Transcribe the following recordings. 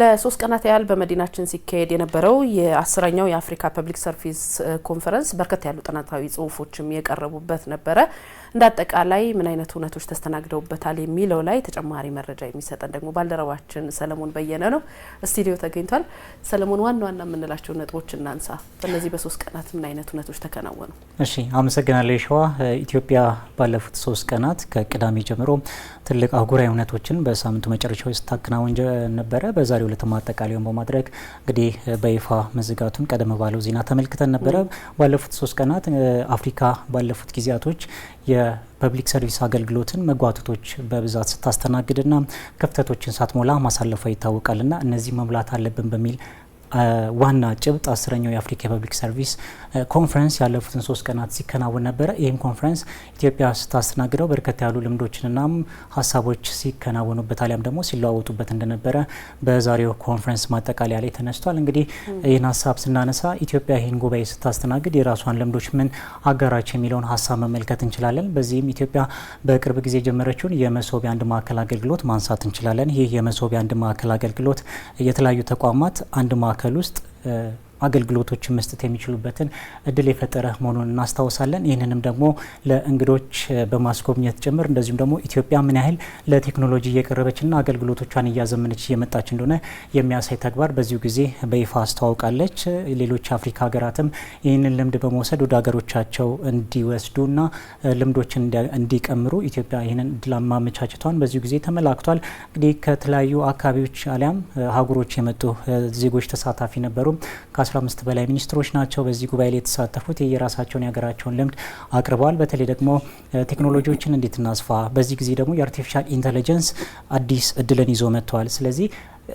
ለሶስት ቀናት ያህል በመዲናችን ሲካሄድ የነበረው የአስረኛው የአፍሪካ ፐብሊክ ሰርቪስ ኮንፈረንስ በርከት ያሉ ጥናታዊ ጽሁፎችም የቀረቡበት ነበረ። እንደ አጠቃላይ ምን አይነት እውነቶች ተስተናግደውበታል የሚለው ላይ ተጨማሪ መረጃ የሚሰጠን ደግሞ ባልደረባችን ሰለሞን በየነ ነው፣ ስቱዲዮ ተገኝቷል። ሰለሞን፣ ዋና ዋና የምንላቸው ነጥቦች እናንሳ። በእነዚህ በሶስት ቀናት ምን አይነት እውነቶች ተከናወኑ? እሺ፣ አመሰግናለሁ ሸዋ። ኢትዮጵያ ባለፉት ሶስት ቀናት ከቅዳሜ ጀምሮ ትልቅ አህጉራዊ እውነቶችን በሳምንቱ መጨረሻ ስታከናወን ነበረ። በዛሬ የዛሬው ዕለት ማጠቃለያውን በማድረግ እንግዲህ በይፋ መዘጋቱን ቀደም ባለው ዜና ተመልክተን ነበረ። ባለፉት ሶስት ቀናት አፍሪካ ባለፉት ጊዜያቶች የፐብሊክ ሰርቪስ አገልግሎትን መጓተቶች በብዛት ስታስተናግድና ክፍተቶችን ሳትሞላ ማሳለፏ ይታወቃልና እነዚህ መሙላት አለብን በሚል ዋና ጭብጥ አስረኛው የአፍሪካ የፐብሊክ ሰርቪስ ኮንፈረንስ ያለፉትን ሶስት ቀናት ሲከናወን ነበረ። ይህም ኮንፈረንስ ኢትዮጵያ ስታስተናግደው በርከት ያሉ ልምዶችንና ሀሳቦች ሲከናወኑበት አሊያም ደግሞ ሲለዋወጡበት እንደነበረ በዛሬው ኮንፈረንስ ማጠቃለያ ላይ ተነስቷል። እንግዲህ ይህን ሀሳብ ስናነሳ ኢትዮጵያ ይህን ጉባኤ ስታስተናግድ የራሷን ልምዶች ምን አጋራች የሚለውን ሀሳብ መመልከት እንችላለን። በዚህም ኢትዮጵያ በቅርብ ጊዜ የጀመረችውን የመሶብ የአንድ ማዕከል አገልግሎት ማንሳት እንችላለን። ይህ የመሶብ የአንድ ማዕከል አገልግሎት የተለያዩ ተቋማት አንድ ማዕከል ማዕከል ውስጥ አገልግሎቶችን መስጠት የሚችሉበትን እድል የፈጠረ መሆኑን እናስታውሳለን። ይህንንም ደግሞ ለእንግዶች በማስጎብኘት ጭምር እንደዚሁም ደግሞ ኢትዮጵያ ምን ያህል ለቴክኖሎጂ እየቀረበችና አገልግሎቶቿን እያዘመነች እየመጣች እንደሆነ የሚያሳይ ተግባር በዚሁ ጊዜ በይፋ አስተዋውቃለች። ሌሎች አፍሪካ ሀገራትም ይህንን ልምድ በመውሰድ ወደ ሀገሮቻቸው እንዲወስዱና ልምዶችን እንዲቀምሩ ኢትዮጵያ ይህንን እድል ማመቻቸቷን በዚሁ ጊዜ ተመላክቷል። እንግዲህ ከተለያዩ አካባቢዎች አሊያም ሀጉሮች የመጡ ዜጎች ተሳታፊ ነበሩ። ከ አምስት በላይ ሚኒስትሮች ናቸው በዚህ ጉባኤ ላይ የተሳተፉት። የየራሳቸውን የሀገራቸውን ልምድ አቅርበዋል። በተለይ ደግሞ ቴክኖሎጂዎችን እንዴት እናስፋ፣ በዚህ ጊዜ ደግሞ የአርቲፊሻል ኢንተለጀንስ አዲስ እድልን ይዞ መጥተዋል። ስለዚህ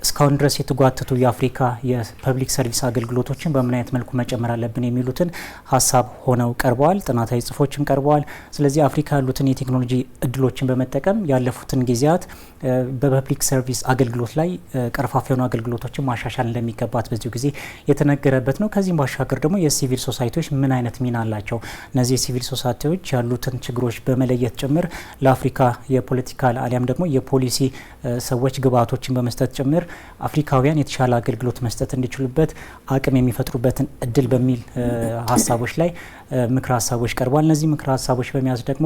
እስካሁን ድረስ የተጓተቱ የአፍሪካ የፐብሊክ ሰርቪስ አገልግሎቶችን በምን አይነት መልኩ መጨመር አለብን የሚሉትን ሀሳብ ሆነው ቀርበዋል። ጥናታዊ ጽሁፎችም ቀርበዋል። ስለዚህ አፍሪካ ያሉትን የቴክኖሎጂ እድሎችን በመጠቀም ያለፉትን ጊዜያት በፐብሊክ ሰርቪስ አገልግሎት ላይ ቀርፋፋ የሆኑ አገልግሎቶችን ማሻሻል እንደሚገባት በዚሁ ጊዜ የተነገረበት ነው። ከዚህም ባሻገር ደግሞ የሲቪል ሶሳይቲዎች ምን አይነት ሚና አላቸው፣ እነዚህ የሲቪል ሶሳይቲዎች ያሉትን ችግሮች በመለየት ጭምር ለአፍሪካ የፖለቲካ አሊያም ደግሞ የፖሊሲ ሰዎች ግብአቶችን በመስጠት ጭምር ጭምር አፍሪካውያን የተሻለ አገልግሎት መስጠት እንዲችሉበት አቅም የሚፈጥሩበትን እድል በሚል ሀሳቦች ላይ ምክረ ሀሳቦች ቀርቧል። እነዚህ ምክር ሀሳቦች በመያዝ ደግሞ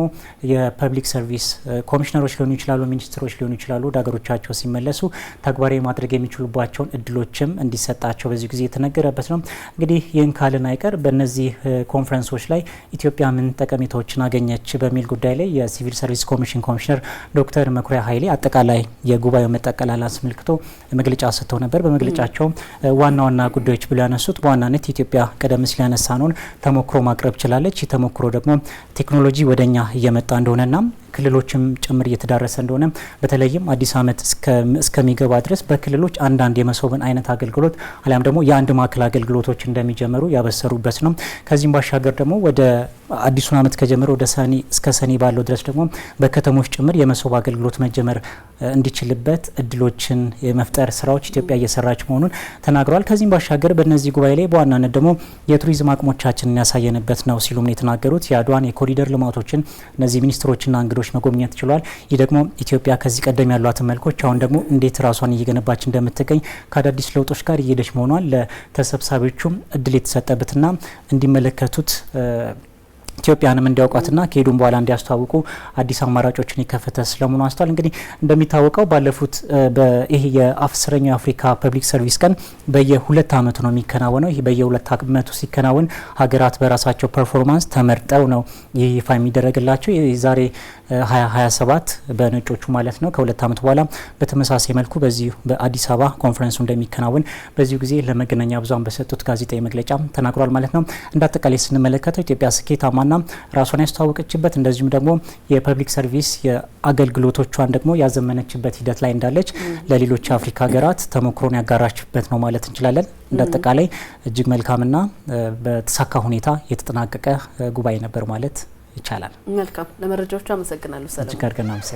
የፐብሊክ ሰርቪስ ኮሚሽነሮች ሊሆኑ ይችላሉ፣ ሚኒስትሮች ሊሆኑ ይችላሉ፣ ወደ ሀገሮቻቸው ሲመለሱ ተግባራዊ ማድረግ የሚችሉባቸውን እድሎችም እንዲሰጣቸው በዚሁ ጊዜ የተነገረበት ነው። እንግዲህ ይህን ካልን አይቀር በእነዚህ ኮንፈረንሶች ላይ ኢትዮጵያ ምን ጠቀሜታዎችን አገኘች በሚል ጉዳይ ላይ የሲቪል ሰርቪስ ኮሚሽን ኮሚሽነር ዶክተር መኩሪያ ኃይሌ አጠቃላይ የጉባኤው መጠቃለል አስመልክቶ መግለጫ ሰጥተው ነበር። በመግለጫቸውም ዋና ዋና ጉዳዮች ብሎ ያነሱት በዋናነት ኢትዮጵያ ቀደም ሲል ያነሳ ነውን ተሞክሮ ማቅረብ ማቅረብ ችላለች። ተሞክሮ ደግሞ ቴክኖሎጂ ወደኛ እየመጣ እንደሆነና ክልሎችም ጭምር እየተዳረሰ እንደሆነ በተለይም አዲስ ዓመት እስከሚገባ ድረስ በክልሎች አንዳንድ የመሶብን አይነት አገልግሎት አሊያም ደግሞ የአንድ ማዕከል አገልግሎቶች እንደሚጀምሩ ያበሰሩበት ነው። ከዚህም ባሻገር ደግሞ ወደ አዲሱን ዓመት ከጀመረ ወደ ሰኔ እስከ ሰኔ ባለው ድረስ ደግሞ በከተሞች ጭምር የመሶብ አገልግሎት መጀመር እንዲችልበት እድሎችን የመፍጠር ስራዎች ኢትዮጵያ እየሰራች መሆኑን ተናግረዋል። ከዚህም ባሻገር በእነዚህ ጉባኤ ላይ በዋናነት ደግሞ የቱሪዝም አቅሞቻችንን ያሳየንበት ነው ሲሉም የተናገሩት የአድዋን የኮሪደር ልማቶችን እነዚህ ሚኒስትሮችና እንግዶች መልኮች መጎብኘት ችሏል። ይህ ደግሞ ኢትዮጵያ ከዚህ ቀደም ያሏትን መልኮች አሁን ደግሞ እንዴት ራሷን እየገነባች እንደምትገኝ ከአዳዲስ ለውጦች ጋር እየሄደች መሆኗን ለተሰብሳቢዎቹም እድል የተሰጠበትና እንዲመለከቱት ኢትዮጵያንም እንዲያውቋትና ከሄዱም በኋላ እንዲያስተዋውቁ አዲስ አማራጮችን የከፈተ ስለመሆኑ አንስተዋል። እንግዲህ እንደሚታወቀው ባለፉት ይሄ የአስረኛው የአፍሪካ ፐብሊክ ሰርቪስ ቀን በየሁለት ዓመቱ ነው የሚከናወነው። ይህ በየሁለት አመቱ ሲከናወን ሀገራት በራሳቸው ፐርፎርማንስ ተመርጠው ነው ይህ ይፋ የሚደረግላቸው። የዛሬ 2027 በነጮቹ ማለት ነው ከሁለት አመት በኋላ በተመሳሳይ መልኩ በዚሁ በአዲስ አበባ ኮንፈረንሱ እንደሚከናወን በዚሁ ጊዜ ለመገናኛ ብዙሃን በሰጡት ጋዜጣዊ መግለጫ ተናግሯል ማለት ነው። እንዳጠቃላይ ስንመለከተው ኢትዮጵያ ስኬታማና ራሷን ያስተዋወቀችበት እንደዚሁም ደግሞ የፐብሊክ ሰርቪስ የአገልግሎቶቿን ደግሞ ያዘመነችበት ሂደት ላይ እንዳለች ለሌሎች የአፍሪካ ሀገራት ተሞክሮን ያጋራችበት ነው ማለት እንችላለን። እንዳጠቃላይ እጅግ መልካምና በተሳካ ሁኔታ የተጠናቀቀ ጉባኤ ነበር ማለት ይቻላል። መልካም ለመረጃዎቹ አመሰግናለሁ ሰለሞን።